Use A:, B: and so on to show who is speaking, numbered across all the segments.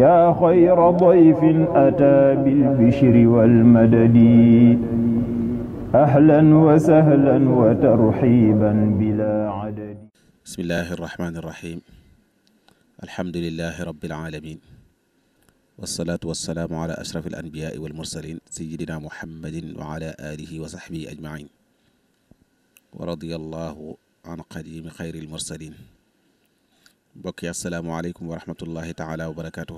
A: yaa xayra dayfin ataa bil bishri wal madadi ahlan wa sahlan wa tarxiiban bilaa adadi
B: bismillahi arrahmani irrahim alhamdulilahi rabbil alamin wasalaatu wasalaamu ala ashraf al anbiyaai wal mursalin sayidina muhammadin wa ala alihi wa sahbihi ajmain wa radiya allahu an qadimi xayri al mursalin mbokk yi asalaamaaleykum wa rahmatullahi taala wa barakaatu.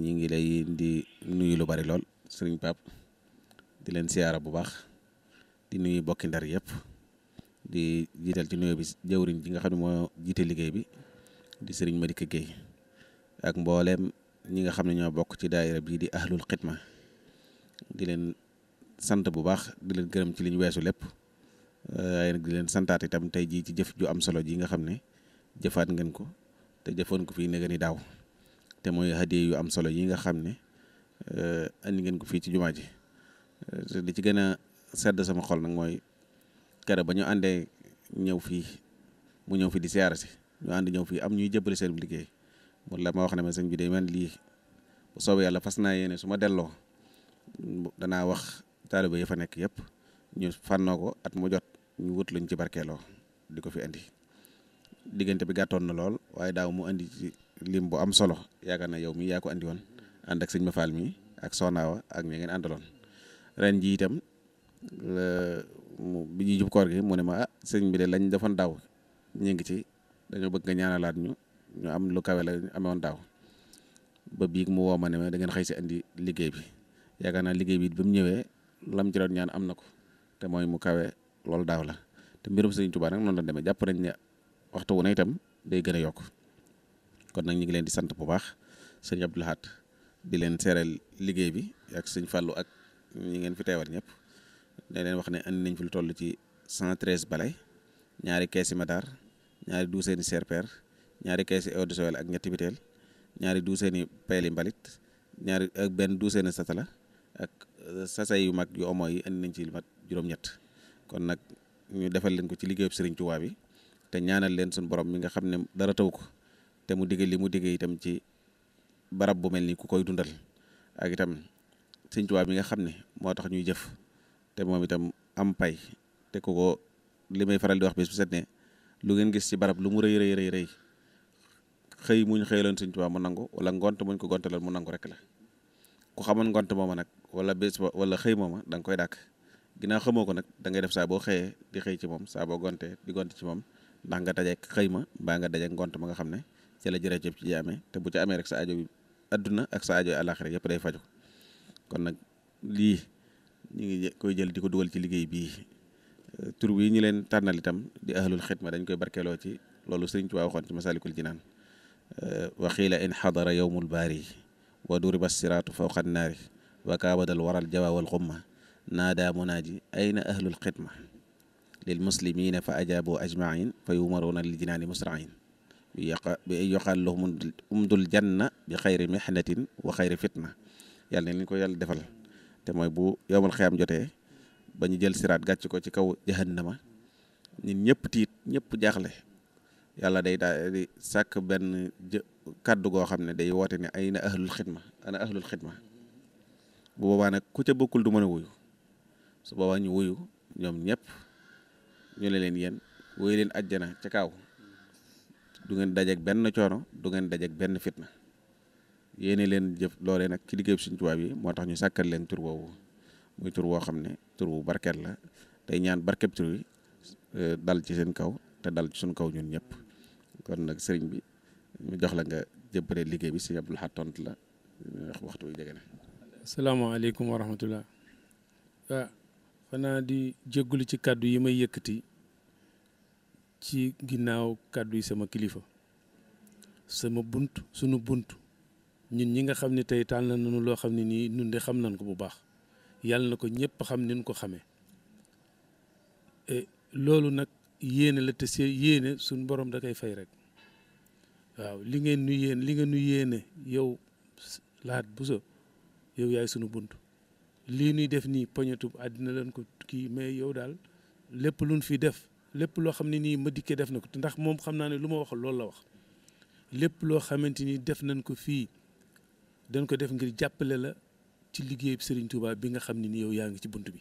B: ñi ngi lay di nuyu lu bari lool sëriñ Pap di leen siyaara bu baax di nuyu bokki ndar yëpp di jiital ci nuyu bi jëwriñ ji nga xam ne moo jiite liggéey bi di sëriñ Madika ak mbooleem ñi nga xam ne ñoo bokk ci daayira bii di ahlul xidma di leen sant bu baax di leen gërëm ci liñ weesu lépp waaye nag di leen santaat itam tey jii ci jëf ju am solo ji nga xam ne jëfaat ngeen ko te jëfoon ko fii ne ni daaw te mooy hadiya yu am solo yi nga xam ne eh, andi ngeen ko fii ci jumaa ji eh, li ci gën a sedd sama xol nag mooy kere ba ñu àndee ñëw fii mu ñëw fi di siyaara si ñu ànd ñëw fii am ñuy jëbbale seen liggéey mu la ma wax ne ma sëñ bi day man lii bu soobee yàlla fas naa yéene su ma delloo danaa wax taaliba yi fa nekk yëpp ñu fànnoo ko at mu jot ñu wut luñ ci barkeeloo di ko fi indi diggante bi gàttoon na lool waaye daaw mu indi ci lim bu am solo yaakaar na yow mi yaa ko andi woon ànd ak sëñ ma faal mi ak soxnaawa ak ñi ngeen àndaloon ren ji itam bi ñuy jub koor gi mu ne ma ah sëñ bi de lañ defoon daaw ñu ngi ci dañoo bëgg nga laat ñu ñu am lu kawe la amewoon daaw ba biig mu woo ma ne ma da ngeen xëy si indi liggéey bi yaakaar naa liggéey bi ba mu ñëwee lam ci doon ñaan am na ko te mooy mu kawe loolu daaw la te mbirum sëñ Tuubaa nag noonu demee jàpp nañ ne waxtu wu ne itam day gën a yokk kon nag ñu ngi leen di sant bu baax sëñ Abdou Lahad di leen seereel liggéey bi ak sëñ Fallou ak ñi ngeen fi teewal ñëpp ne leen wax ne indi nañ fi lu toll ci 113 balay ñaari keesi madaar ñaari douzaine serpère ñaari keesi eau de Javel ak ñetti biteel ñaari douzaine peeli mbalit ñaari ak benn douzaine satala ak sasa yu mag yu omo yi andi nañ ci lu juróom-ñett kon nag ñu defal leen ko ci liggéeyub Sëriñ Tuubaa bi te ñaanal leen suñu borom mi nga xam ne dara taw ko te mu digg li mu digge itam ci barab bu mel ni ku koy dundal ak itam Sëñ Tuubaa nga xam ne moo tax ñuy jëf te moom itam am pay te ku ko li may faral set ne lu ngeen gis ci barab lu mu rëy rëy rëy rëy xëy muñ xëyaloon Sëñ mu nangu wala ngont muñ ko gontaloon mu nangu rek la ku xamoon ngont mooma nag wala bés wala xëy mooma da danga koy dàkk ginaa xamoo ko nag da ngay def saa boo xëyee di xëy ci moom saa gonte di gont ci moom ndax nga dajeeg xëy ma mbaa nga dajeeg ngont ma nga xam ne ci la jërë jëf ci ji te bu ci amee rek sa aajo yi adduna ak sa aajo yi àllaaxira yëpp day faju kon nag lii ñu ngi koy jël di ko dugal ci liggéey bi tur bii ñu leen tànnal itam di ahlul xidma dañ koy barkeeloo ci loolu sëriñ Tuubaa waxoon ci masalikul jinaan wa xiila in xadara yowmul baari wa duriba siraatu fawqa annaari wa kaabadal waral jawa wal xumma naada munaaji ayna ahlul xidma lil muslimina fa ajaabu ajmain fa yumaruuna lil jinaani musrain bi yuqaal lahum umdul janna bi xayri mihnatin wa xayri fitna yàlla ne lañ ko yàlla defal te mooy bu yowmal xiyaam jotee ba ñu jël siraat gàcc ko ci kaw jahannama ñun ñëpp tiit ñëpp jaaxle yàlla day daa di sàkk benn kàddu goo xam ne day woote ne ay na ahlul xidma ana ahlul bu boobaa nag ku ca bokkul du mën a wuyu su boobaa ñu wuyu ñoom ñëpp ñu ne leen yéen woy leen ajjana ca kaw du ngeen dajeeg benn coono du ngeen dajeeg benn fitna yéene leen jëf loole nag ci liggéey suñ Tuubaa bi moo tax ñu sàkkal leen tur woowu muy tur woo xam ne tur bu barkeel la tey ñaan barkeb tur wi euh, dal ci seen kaw te dal ci suñ kaw ñun ñëpp kon nag sëriñ bi mu jox la nga jëbbale liggéey bi sëriñ Abdul Ahad tont la wax waxtu
C: jege na. asalaamaaleykum wa rahmatullah. waaw ah, di jéggulu ci kàddu yi may yëkkati. ci ginnaaw kàddu yi sama kilifa sama bunt sunu bunt ñun ñi nga xam ne tey tànn nañu loo xam ne nii ñun de xam nañ ko bu baax yàlla na ko ñëpp xam nañ ko xamee e, loolu nag yéene la te see yéene suñu borom da koy fay rek waaw li ngeen nu yéene li ngeen nu yéene yow laat bu sa yow yaay sunu bunt lii nuy def nii poñetu àddina leen ko kii mais yow daal lépp luñ fi def lépp loo xam ne nii ma dikkee def na ko ndax moom xam naa ne lu ma wax loolu la wax lépp loo xamante ni def nañ ko fii dañ ko def ngir jàppale la ci liggéey sëriñ Touba bi nga xam ne ni yow yaa ngi ci bunt bi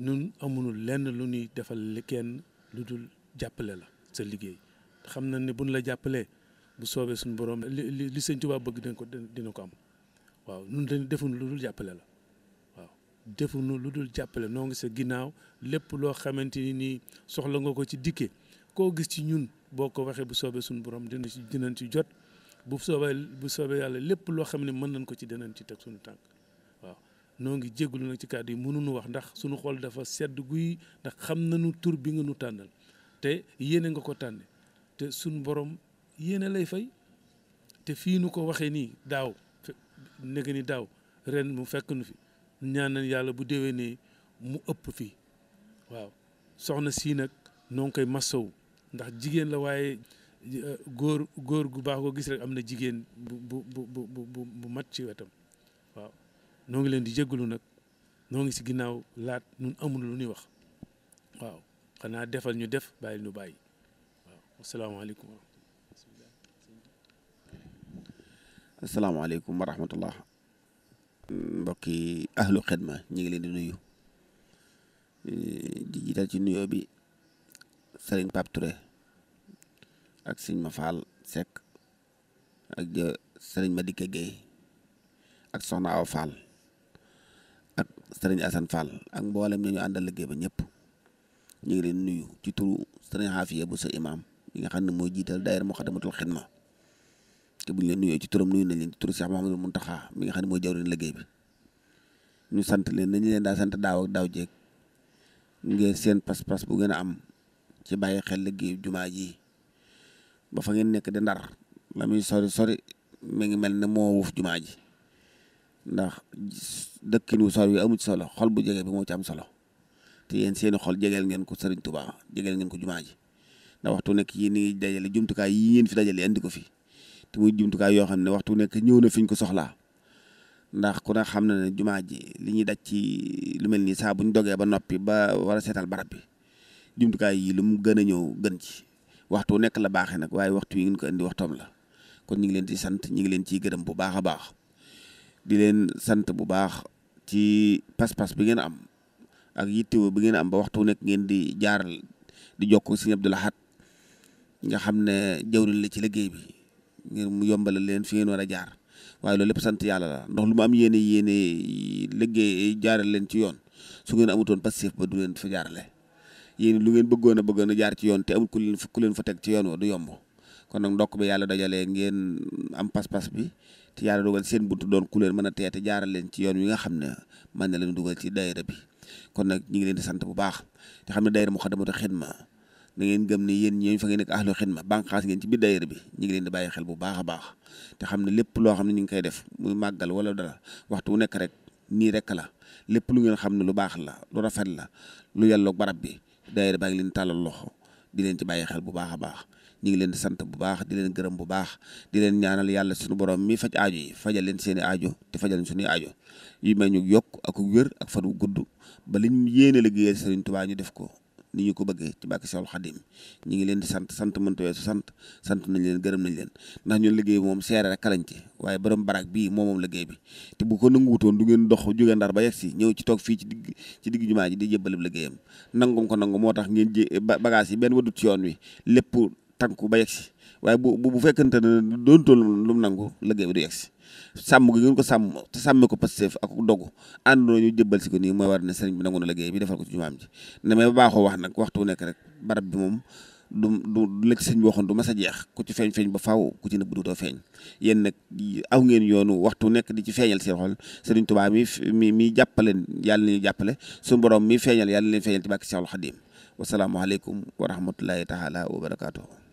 C: nun amunul lenn lu ñuy defal kenn lu dul jàppale la sa liggéey xam nañ ne buñ la jàppalee bu soobee suñu borom li li Serigne Touba bëgg dañ ko dina ko am waaw nun dañ defuñ lu dul jàppale la defuñu lu dul jàppale noo ngi sa ginnaaw lépp loo xamante ni nii soxla nga ko ci dikke koo gis ci ñun boo ko waxee bu soobee suñu borom dina ci dinañ ci jot bu soobee bu soobee yàlla lépp loo xam ne mën nañ ko ci dinañ ci teg suñu tànk waaw noo ngi jégalu nag ci kàddu yi mënuñu wax ndax suñu xool dafa sedd guy ndax xam na nañu tur bi nga nu tànnal te yéene nga ko tànne te suñu borom yéene lay fay te fii nu ko waxee nii daaw nekk ni daaw ren mu fekk nu fi ñaan yàlla bu nii mu ëpp fii waaw soxna sii nag noo koy masow ndax jigéen la waaye euh, góor gu baax koo gis rek am na jigéen bu mat ci wetam waaw noo ngi leen di jégalu nag noo ngi si ginnaaw laat nun amul lu ñuy wax waaw xanaa defal ñu def bàyyil nu bàyyi waaw
A: asalaamaaleykum wa rahmatullah mbokki ahlu xidma ñu ngi leen di nuyu di jiital ci nuyoo bi sëriñ Pape Touré ak sëriñ Mafal Seck ak jë sëriñ Madike Gueye ak Soxna Aw Fall ak sëriñ Assane Fall ak mboolem ñu ñu àndal liggéey ba ñëpp ñu ngi leen nuyu ci turu sëriñ Xaafiya bu sa imaam yi nga xam ne mooy jiital daayira Muxaddamatul Xidma te bu ñu leen nuyoo ci turam nuyu nañ leen ci turu Cheikh Mouhamadou Mountakha mi nga xam ne mooy jawriñ liggéey bi ñu sant leen nañu leen daa sant daaw ak daaw jeeg ngeen seen pas-pas bu gën a am ci bàyyi xel liggéey jumaa ji ba fa ngeen nekk di ndar la sori sori ngi mel ne moo wuuf jumaa ji ndax dëkkin wu sori wi amu ci solo xol bu jege bi moo ci am solo te yéen seeni xol jegeel ngeen ko Serigne Touba jegeel ngeen ko jumaa ji ndax waxtu nekk yéen ni dajale jumtukaay yi ngeen fi dajale andi ko fi te muy jumtukaay yoo xam ne waxtu nekk ñëw na fi ñu ko soxla ndax ku ne xam na ne jumaa ji li ñuy daj ci lu mel ni saa bu ñu dogee ba noppi ba war a seetal barab bi jumtukaay yi lu mu gën a ñëw gën ci waxtu nekk la baaxee nag waaye waxtu yi ngeen ko indi waxtoom la kon ñu ngi leen di sant ñu ngi leen ciy gërëm bu baax a baax di leen sant bu baax ci pas bi ngeen am ak yittewoo bi ngeen am ba waxtu nekk ngeen di jaaral di jokk Sëriñ Abdou Lahad nga xam ne jawriñ la ci liggéey bi ngir mu yombalal leen fi ngeen war a jaar waaye loolu lépp sant yàlla la ndox lu mu am yéene yéene liggéey jaaral leen ci yoon su ngeen amutoon passif ba du leen fa jaarale yéen lu ngeen bëggoon a bëggoon a jaar ci yoon te amul ku leen leen fa teg ci yoon wa du yomb kon nag ndokk bi yàlla dajalee ngeen am pas-pas bi te yàlla dogal seen buntu doon ku leen mën a teete jaaral leen ci yoon wi nga xam ne mën na leen dugal ci daayira bi kon nag ñu ngi leen di sant bu baax te xam ne daayira Moukhaddamatoul Khidma da ngeen gëm ne yéen ñooñu fa ngeen nekk ahlu xidma bànqaas ngeen ci biir daayira bi ñu ngi leen di bàyyi xel bu baax baax te xam ne lépp loo xam ne ngi koy def muy màggal wala dara waxtu wu nekk rek nii rek la lépp lu ngeen xam ne lu baax la lu rafet la lu yàlla yelloog barab bi daayira baa ngi leen tàllal loxo di leen ci bàyyi xel bu baax a baax ñu ngi leen di sant bu baax di leen gërëm bu baax di leen ñaanal yàlla suñu borom mii faj aajo yi fajal leen seeni aajo te fajal leen suñuy aajo yi may ñu yokk ak wér ak fan gudd ba liñ yéene liggéeyal Sëriñ Tuubaa ñu def ko ni ñu ko bëggee ci bàkki Seexul Xadim ñi ngi leen di sant sant mënta weesu sant sant nañ leen gërëm nañ leen ndax ñu liggéey moom seere rek kalañ ci waaye borom barag bii moom moom liggéey bi te bu ko nanguwutoon du ngeen dox jóge ndar ba yegg si ñëw ci toog fii ci digg ci digg jumaa ji di jébbalib liggéeyam nangum ko nangu moo tax ngeen jé bagage yi benn wadut ci yoon wi lépp tànku ba yegsi waaye bu bu fekkente ne doon toll lu mu nangu liggéey bi du yegsi sàmm gi ngeen ko sàmm te sàmme ko Pastef ak dogu àndoo ñu jëbbal si ko nii mooy war ne sëriñ bi nangu na liggéey bi defal ko ci jumaam ji ne may baaxoo wax nag waxtu nekk rek barab bi moom du du la ci sëñ du mas a jeex ku ci feeñ feeñ ba faw ku ci nëbb duutoo feeñ yéen nag aw ngeen yoonu waxtu nekk di ci feeñal seen xol Sëriñ Tuubaa mi mii mi jàppale jàppale suñu borom mi feeñal yàlla leen feeñal ci bàkki Seexul Xadiim
C: wasalaamualeykum wa rahmatullahi taala wa barakaatuhu